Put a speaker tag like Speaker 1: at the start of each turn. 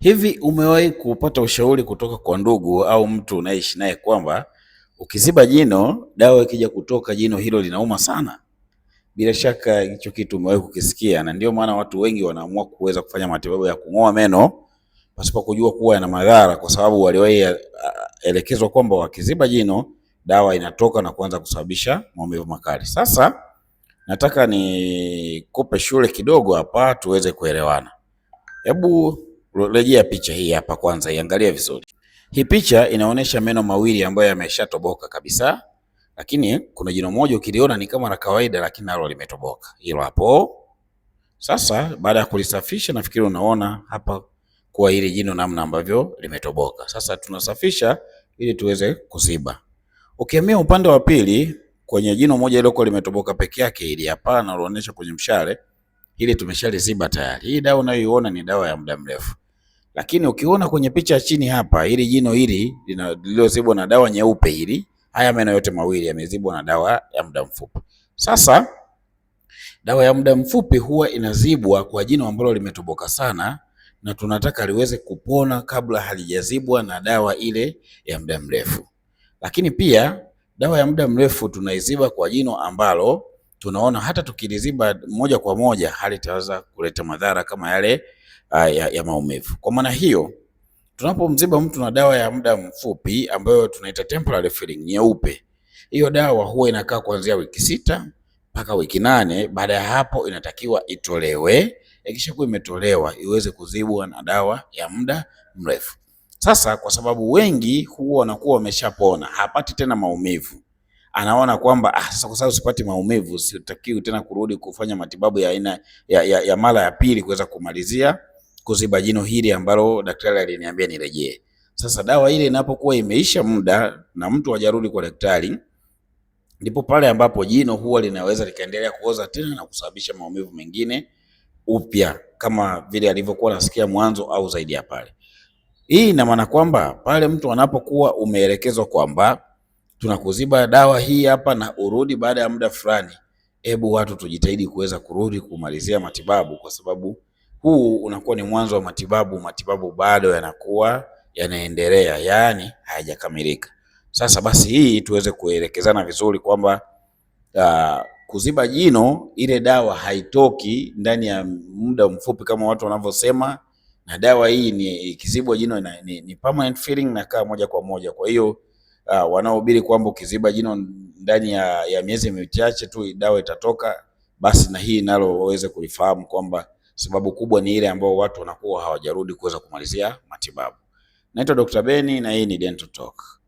Speaker 1: Hivi umewahi kupata ushauri kutoka kwa ndugu au mtu unayeishi naye kwamba ukiziba jino, dawa ikija kutoka jino hilo linauma sana? Bila shaka hicho kitu umewahi kukisikia, na ndio maana watu wengi wanaamua kuweza kufanya matibabu ya kung'oa meno pasipo kujua kuwa yana madhara, kwa sababu waliwahi eh, elekezwa kwamba wakiziba jino dawa inatoka na kuanza kusababisha maumivu makali. Sasa nataka nikupe shule kidogo hapa tuweze kuelewana. Hebu Rejea picha hii hapa kwanza, iangalia vizuri. Hii picha inaonyesha meno mawili ambayo yameshatoboka kabisa, lakini kuna jino moja ukiliona ni kama la kawaida, lakini nalo limetoboka, hilo hapo. Sasa baada ya kulisafisha, nafikiri unaona hapa kuwa hili jino namna ambavyo limetoboka. Sasa tunasafisha ili tuweze kuziba. Ukiamia upande wa pili kwenye jino moja lilokuwa limetoboka peke yake, ili hapa naonyesha kwenye mshale, ili tumeshaliziba tayari. Hii dawa unayoiona ni dawa ya muda mrefu. Lakini ukiona kwenye picha ya chini hapa, ili jino hili lililozibwa na dawa nyeupe hili, haya meno yote mawili yamezibwa na dawa ya muda mfupi. Sasa dawa ya muda mfupi huwa inazibwa kwa jino ambalo limetoboka sana na tunataka liweze kupona kabla halijazibwa na dawa ile ya muda mrefu. Lakini pia dawa ya muda mrefu tunaiziba kwa jino ambalo tunaona hata tukiliziba moja kwa moja hali itaweza kuleta madhara kama yale uh, ya, ya maumivu. Kwa maana hiyo, tunapomziba mtu na dawa ya muda mfupi ambayo tunaita temporary filling nyeupe, hiyo dawa huwa inakaa kuanzia wiki sita mpaka wiki nane. Baada ya hapo, inatakiwa itolewe. Ikishakuwa imetolewa, iweze kuzibwa na dawa ya muda mrefu. Sasa kwa sababu wengi huwa wanakuwa wameshapona, hapati tena maumivu anaona kwamba ah, sasa kwa sababu sipati maumivu sitakiwi tena kurudi kufanya matibabu ya aina ya, ya, ya mara ya pili kuweza kumalizia kuziba jino hili ambalo daktari aliniambia nirejee. Sasa dawa ile inapokuwa imeisha muda na mtu hajarudi kwa daktari, ndipo pale ambapo jino huwa linaweza likaendelea kuoza tena na kusababisha maumivu mengine upya kama vile alivyokuwa nasikia mwanzo au zaidi ya pale. Hii ina maana kwamba pale mtu anapokuwa umeelekezwa kwamba tunakuziba dawa hii hapa na urudi baada ya muda fulani. Hebu watu tujitahidi kuweza kurudi kumalizia matibabu, kwa sababu huu unakuwa ni mwanzo wa matibabu. Matibabu bado yanakuwa yanaendelea, yaani hayajakamilika. Sasa basi, hii tuweze kuelekezana vizuri kwamba uh, kuziba jino, ile dawa haitoki ndani ya muda mfupi kama watu wanavyosema, na dawa hii ni ikizibwa jino ni, ni permanent filling na kaa moja kwa moja, kwa hiyo uh, wanaohubiri kwamba ukiziba jino ndani ya, ya miezi michache tu dawa itatoka, basi na hii nalo waweze kulifahamu kwamba sababu kubwa ni ile ambayo watu wanakuwa hawajarudi kuweza kumalizia matibabu. Naitwa Dr. Beni na hii ni Dental Talk.